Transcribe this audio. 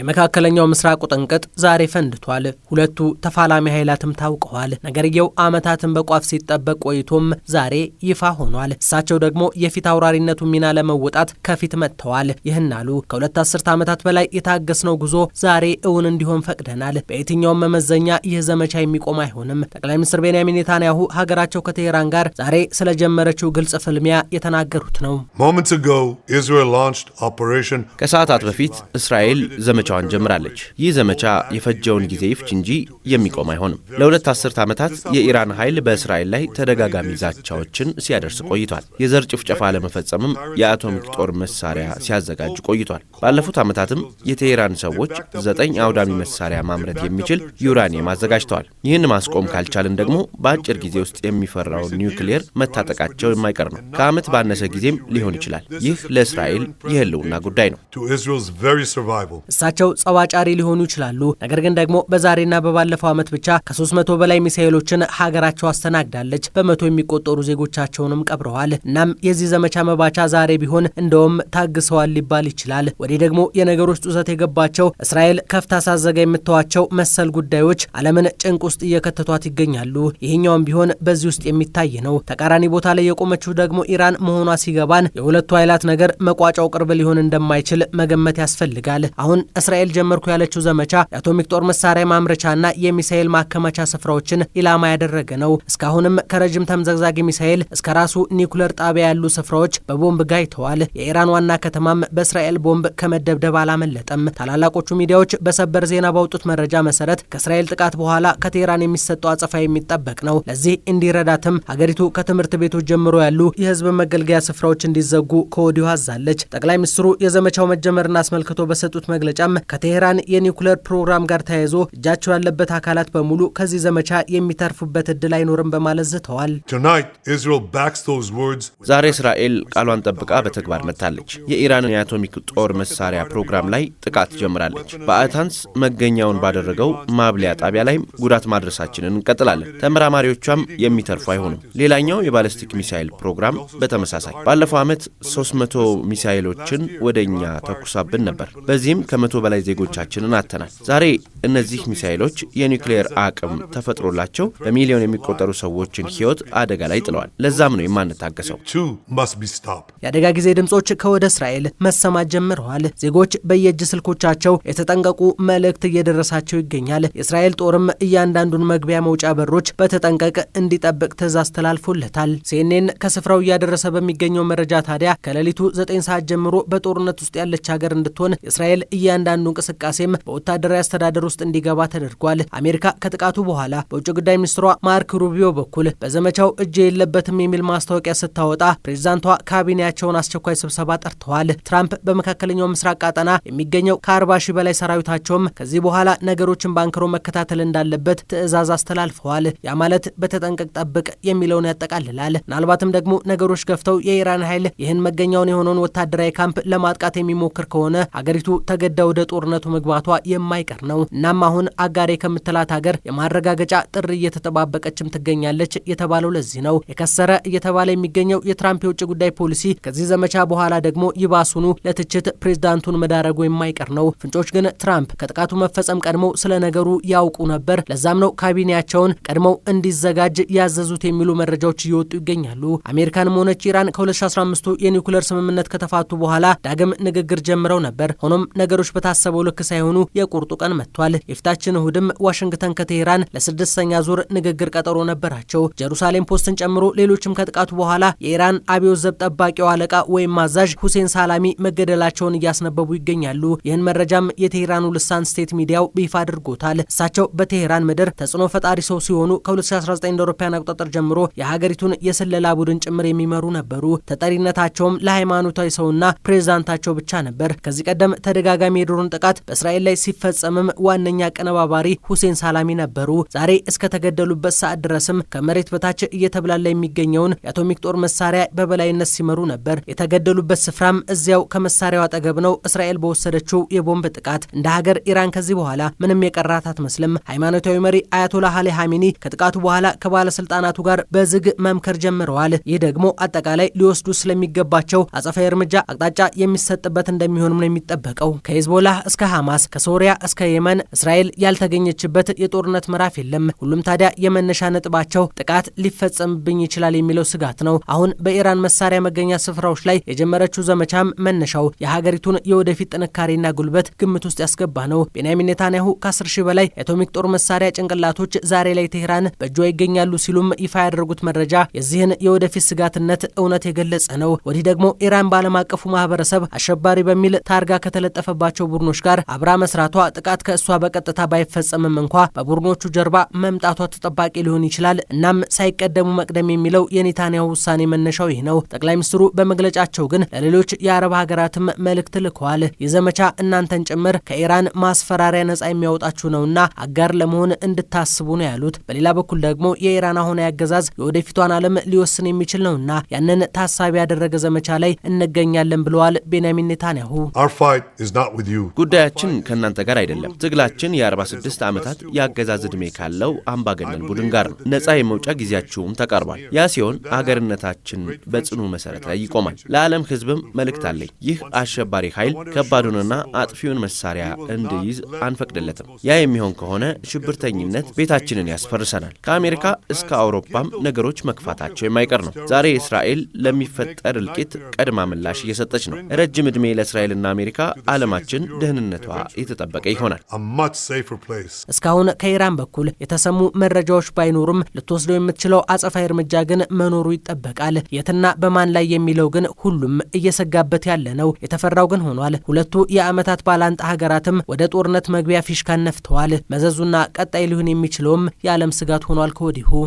የመካከለኛው ምስራቅ ውጥንቅጥ ዛሬ ፈንድቷል። ሁለቱ ተፋላሚ ኃይላትም ታውቀዋል። ነገርየው ዓመታትን በቋፍ ሲጠበቅ ቆይቶም ዛሬ ይፋ ሆኗል። እሳቸው ደግሞ የፊት አውራሪነቱ ሚና ለመወጣት ከፊት መጥተዋል። ይህን አሉ። ከሁለት አስርት ዓመታት በላይ የታገስነው ጉዞ ዛሬ እውን እንዲሆን ፈቅደናል። በየትኛውም መመዘኛ ይህ ዘመቻ የሚቆም አይሆንም። ጠቅላይ ሚኒስትር ቤንያሚን ኔታንያሁ ሀገራቸው ከቴሄራን ጋር ዛሬ ስለጀመረችው ግልጽ ፍልሚያ የተናገሩት ነው። ከሰዓታት በፊት እስራኤል ዘመቻዋን ጀምራለች። ይህ ዘመቻ የፈጀውን ጊዜ ይፍች እንጂ የሚቆም አይሆንም። ለሁለት አስርት ዓመታት የኢራን ኃይል በእስራኤል ላይ ተደጋጋሚ ዛቻዎችን ሲያደርስ ቆይቷል። የዘር ጭፍጨፋ ለመፈጸምም የአቶሚክ ጦር መሳሪያ ሲያዘጋጅ ቆይቷል። ባለፉት ዓመታትም የቴሄራን ሰዎች ዘጠኝ አውዳሚ መሳሪያ ማምረት የሚችል ዩራኒየም አዘጋጅተዋል። ይህን ማስቆም ካልቻልን ደግሞ በአጭር ጊዜ ውስጥ የሚፈራውን ኒውክሊየር መታጠቃቸው የማይቀር ነው። ከዓመት ባነሰ ጊዜም ሊሆን ይችላል። ይህ ለእስራኤል የህልውና ጉዳይ ነው። በመሆናቸው ጸዋጫሪ ሊሆኑ ይችላሉ። ነገር ግን ደግሞ በዛሬና በባለፈው ዓመት ብቻ ከ300 በላይ ሚሳኤሎችን ሀገራቸው አስተናግዳለች። በመቶ የሚቆጠሩ ዜጎቻቸውንም ቀብረዋል። እናም የዚህ ዘመቻ መባቻ ዛሬ ቢሆን እንደውም ታግሰዋል ሊባል ይችላል። ወዲህ ደግሞ የነገሮች ጡሰት የገባቸው እስራኤል ከፍታ ሳዘጋ የምተዋቸው መሰል ጉዳዮች ዓለምን ጭንቅ ውስጥ እየከተቷት ይገኛሉ። ይህኛውም ቢሆን በዚህ ውስጥ የሚታይ ነው። ተቃራኒ ቦታ ላይ የቆመችው ደግሞ ኢራን መሆኗ ሲገባን የሁለቱ ኃይላት ነገር መቋጫው ቅርብ ሊሆን እንደማይችል መገመት ያስፈልጋል። አሁን እስራኤል ጀመርኩ ያለችው ዘመቻ የአቶሚክ ጦር መሳሪያ ማምረቻና የሚሳኤል ማከማቻ ስፍራዎችን ኢላማ ያደረገ ነው። እስካሁንም ከረዥም ተምዘግዛጊ ሚሳኤል እስከ ራሱ ኒኩለር ጣቢያ ያሉ ስፍራዎች በቦምብ ጋይተዋል። የኢራን ዋና ከተማም በእስራኤል ቦምብ ከመደብደብ አላመለጠም። ታላላቆቹ ሚዲያዎች በሰበር ዜና ባወጡት መረጃ መሰረት ከእስራኤል ጥቃት በኋላ ከቴህራን የሚሰጠው አጸፋ የሚጠበቅ ነው። ለዚህ እንዲረዳትም ሀገሪቱ ከትምህርት ቤቶች ጀምሮ ያሉ የህዝብ መገልገያ ስፍራዎች እንዲዘጉ ከወዲሁ አዛለች። ጠቅላይ ሚኒስትሩ የዘመቻው መጀመርን አስመልክቶ በሰጡት መግለጫ። አልበለዚያም ከቴሄራን የኒውክሌር ፕሮግራም ጋር ተያይዞ እጃቸው ያለበት አካላት በሙሉ ከዚህ ዘመቻ የሚተርፉበት እድል አይኖርም በማለት ዝተዋል። ዛሬ እስራኤል ቃሏን ጠብቃ በተግባር መታለች። የኢራንን የአቶሚክ ጦር መሳሪያ ፕሮግራም ላይ ጥቃት ጀምራለች። በአታንስ መገኛውን ባደረገው ማብሊያ ጣቢያ ላይም ጉዳት ማድረሳችንን እንቀጥላለን። ተመራማሪዎቿም የሚተርፉ አይሆንም። ሌላኛው የባለስቲክ ሚሳይል ፕሮግራም በተመሳሳይ ባለፈው ዓመት 300 ሚሳይሎችን ወደ እኛ ተኩሳብን ነበር። በዚህም ከመቶ በላይ ዜጎቻችንን አጥተናል። ዛሬ እነዚህ ሚሳይሎች የኒውክሌር አቅም ተፈጥሮላቸው በሚሊዮን የሚቆጠሩ ሰዎችን ሕይወት አደጋ ላይ ጥለዋል። ለዛም ነው የማንታገሰው። የአደጋ ጊዜ ድምፆች ከወደ እስራኤል መሰማት ጀምረዋል። ዜጎች በየእጅ ስልኮቻቸው የተጠንቀቁ መልእክት እየደረሳቸው ይገኛል። የእስራኤል ጦርም እያንዳንዱን መግቢያ መውጫ በሮች በተጠንቀቅ እንዲጠብቅ ትዕዛዝ ተላልፎለታል። ሲኤንኤን ከስፍራው እያደረሰ በሚገኘው መረጃ ታዲያ ከሌሊቱ 9 ሰዓት ጀምሮ በጦርነት ውስጥ ያለች ሀገር እንድትሆን የእስራኤል እያንዳንዱ እያንዳንዱ እንቅስቃሴም በወታደራዊ አስተዳደር ውስጥ እንዲገባ ተደርጓል። አሜሪካ ከጥቃቱ በኋላ በውጭ ጉዳይ ሚኒስትሯ ማርክ ሩቢዮ በኩል በዘመቻው እጅ የለበትም የሚል ማስታወቂያ ስታወጣ ፕሬዚዳንቷ ካቢኔያቸውን አስቸኳይ ስብሰባ ጠርተዋል። ትራምፕ በመካከለኛው ምስራቅ ቃጠና የሚገኘው ከ ሺህ በላይ ሰራዊታቸውም ከዚህ በኋላ ነገሮችን ባንክሮ መከታተል እንዳለበት ትዕዛዝ አስተላልፈዋል። ያ ማለት በተጠንቀቅ ጠብቅ የሚለውን ያጠቃልላል። ምናልባትም ደግሞ ነገሮች ገፍተው የኢራን ኃይል ይህን መገኛውን የሆነውን ወታደራዊ ካምፕ ለማጥቃት የሚሞክር ከሆነ ሀገሪቱ ተገዳ ወደ ጦርነቱ መግባቷ የማይቀር ነው። እናም አሁን አጋሬ ከምትላት ሀገር የማረጋገጫ ጥሪ እየተጠባበቀችም ትገኛለች የተባለው ለዚህ ነው። የከሰረ እየተባለ የሚገኘው የትራምፕ የውጭ ጉዳይ ፖሊሲ ከዚህ ዘመቻ በኋላ ደግሞ ይባሱኑ ለትችት ፕሬዝዳንቱን መዳረጉ የማይቀር ነው። ፍንጮች ግን ትራምፕ ከጥቃቱ መፈጸም ቀድመው ስለ ነገሩ ያውቁ ነበር፣ ለዛም ነው ካቢኔያቸውን ቀድመው እንዲዘጋጅ ያዘዙት የሚሉ መረጃዎች እየወጡ ይገኛሉ። አሜሪካንም ሆነች ኢራን ከ2015 የኒውክለር ስምምነት ከተፋቱ በኋላ ዳግም ንግግር ጀምረው ነበር። ሆኖም ነገሮች በታሰበው ልክ ሳይሆኑ የቁርጡ ቀን መጥቷል። የፊታችን እሁድም ዋሽንግተን ከቴሄራን ለስድስተኛ ዙር ንግግር ቀጠሮ ነበራቸው። ጀሩሳሌም ፖስትን ጨምሮ ሌሎችም ከጥቃቱ በኋላ የኢራን አብዮት ዘብ ጠባቂው አለቃ ወይም አዛዥ ሁሴን ሳላሚ መገደላቸውን እያስነበቡ ይገኛሉ። ይህን መረጃም የቴሄራኑ ልሳን ስቴት ሚዲያው ይፋ አድርጎታል። እሳቸው በቴሄራን ምድር ተጽዕኖ ፈጣሪ ሰው ሲሆኑ ከ2019 እንደ አውሮፓውያን አቆጣጠር ጀምሮ የሀገሪቱን የስለላ ቡድን ጭምር የሚመሩ ነበሩ። ተጠሪነታቸውም ለሃይማኖታዊ ሰውና ፕሬዝዳንታቸው ብቻ ነበር። ከዚህ ቀደም ተደጋጋሚ የድሮን ጥቃት በእስራኤል ላይ ሲፈጸምም ዋነኛ ቀነባባሪ ሁሴን ሳላሚ ነበሩ። ዛሬ እስከተገደሉበት ሰዓት ድረስም ከመሬት በታች እየተብላላ የሚገኘውን የአቶሚክ ጦር መሳሪያ በበላይነት ሲመሩ ነበር። የተገደሉበት ስፍራም እዚያው ከመሳሪያው አጠገብ ነው። እስራኤል በወሰደችው የቦምብ ጥቃት እንደ ሀገር ኢራን ከዚህ በኋላ ምንም የቀራት አትመስልም። ሃይማኖታዊ መሪ አያቶላህ አሊ ሀሚኒ ከጥቃቱ በኋላ ከባለስልጣናቱ ጋር በዝግ መምከር ጀምረዋል። ይህ ደግሞ አጠቃላይ ሊወስዱ ስለሚገባቸው አጸፋዊ እርምጃ አቅጣጫ የሚሰጥበት እንደሚሆንም ነው የሚጠበቀው ከሄዝቦላ ከሄዝቦላህ እስከ ሐማስ ከሶሪያ እስከ የመን እስራኤል ያልተገኘችበት የጦርነት ምዕራፍ የለም። ሁሉም ታዲያ የመነሻ ነጥባቸው ጥቃት ሊፈጸምብኝ ይችላል የሚለው ስጋት ነው። አሁን በኢራን መሳሪያ መገኛ ስፍራዎች ላይ የጀመረችው ዘመቻም መነሻው የሀገሪቱን የወደፊት ጥንካሬና ጉልበት ግምት ውስጥ ያስገባ ነው። ቤንያሚን ኔታንያሁ 10 ሺህ በላይ የአቶሚክ ጦር መሳሪያ ጭንቅላቶች ዛሬ ላይ ቴህራን በእጇ ይገኛሉ ሲሉም ይፋ ያደረጉት መረጃ የዚህን የወደፊት ስጋትነት እውነት የገለጸ ነው። ወዲህ ደግሞ ኢራን በዓለም አቀፉ ማህበረሰብ አሸባሪ በሚል ታርጋ ከተለጠፈባቸው ቡድኖች ጋር አብራ መስራቷ ጥቃት ከእሷ በቀጥታ ባይፈጸምም እንኳ በቡድኖቹ ጀርባ መምጣቷ ተጠባቂ ሊሆን ይችላል። እናም ሳይቀደሙ መቅደም የሚለው የኔታንያሁ ውሳኔ መነሻው ይህ ነው። ጠቅላይ ሚኒስትሩ በመግለጫቸው ግን ለሌሎች የአረብ ሀገራትም መልእክት ልከዋል። የዘመቻ እናንተን ጭምር ከኢራን ማስፈራሪያ ነጻ የሚያወጣችሁ ነውና አጋር ለመሆን እንድታስቡ ነው ያሉት። በሌላ በኩል ደግሞ የኢራን አሁን አገዛዝ የወደፊቷን ዓለም ሊወስን የሚችል ነውና ያንን ታሳቢ ያደረገ ዘመቻ ላይ እንገኛለን ብለዋል ቤንያሚን ኔታንያሁ። ጉዳያችን ከእናንተ ጋር አይደለም። ትግላችን የ46 ዓመታት የአገዛዝ ዕድሜ ካለው አምባገነን ቡድን ጋር ነው። ነጻ የመውጫ ጊዜያችሁም ተቃርቧል። ያ ሲሆን አገርነታችን በጽኑ መሰረት ላይ ይቆማል። ለዓለም ሕዝብም መልእክት አለኝ። ይህ አሸባሪ ኃይል ከባዱንና አጥፊውን መሳሪያ እንዲይዝ አንፈቅድለትም። ያ የሚሆን ከሆነ ሽብርተኝነት ቤታችንን ያስፈርሰናል። ከአሜሪካ እስከ አውሮፓም ነገሮች መክፋታቸው የማይቀር ነው። ዛሬ እስራኤል ለሚፈጠር እልቂት ቀድማ ምላሽ እየሰጠች ነው። ረጅም ዕድሜ ለእስራኤልና አሜሪካ ዓለማችን ደህንነቷ የተጠበቀ ይሆናል። እስካሁን ከኢራን በኩል የተሰሙ መረጃዎች ባይኖሩም ልትወስደው የምትችለው አጸፋዊ እርምጃ ግን መኖሩ ይጠበቃል። የትና በማን ላይ የሚለው ግን ሁሉም እየሰጋበት ያለ ነው። የተፈራው ግን ሆኗል። ሁለቱ የዓመታት ባላንጣ ሀገራትም ወደ ጦርነት መግቢያ ፊሽካን ነፍተዋል። መዘዙና ቀጣይ ሊሆን የሚችለውም የዓለም ስጋት ሆኗል ከወዲሁ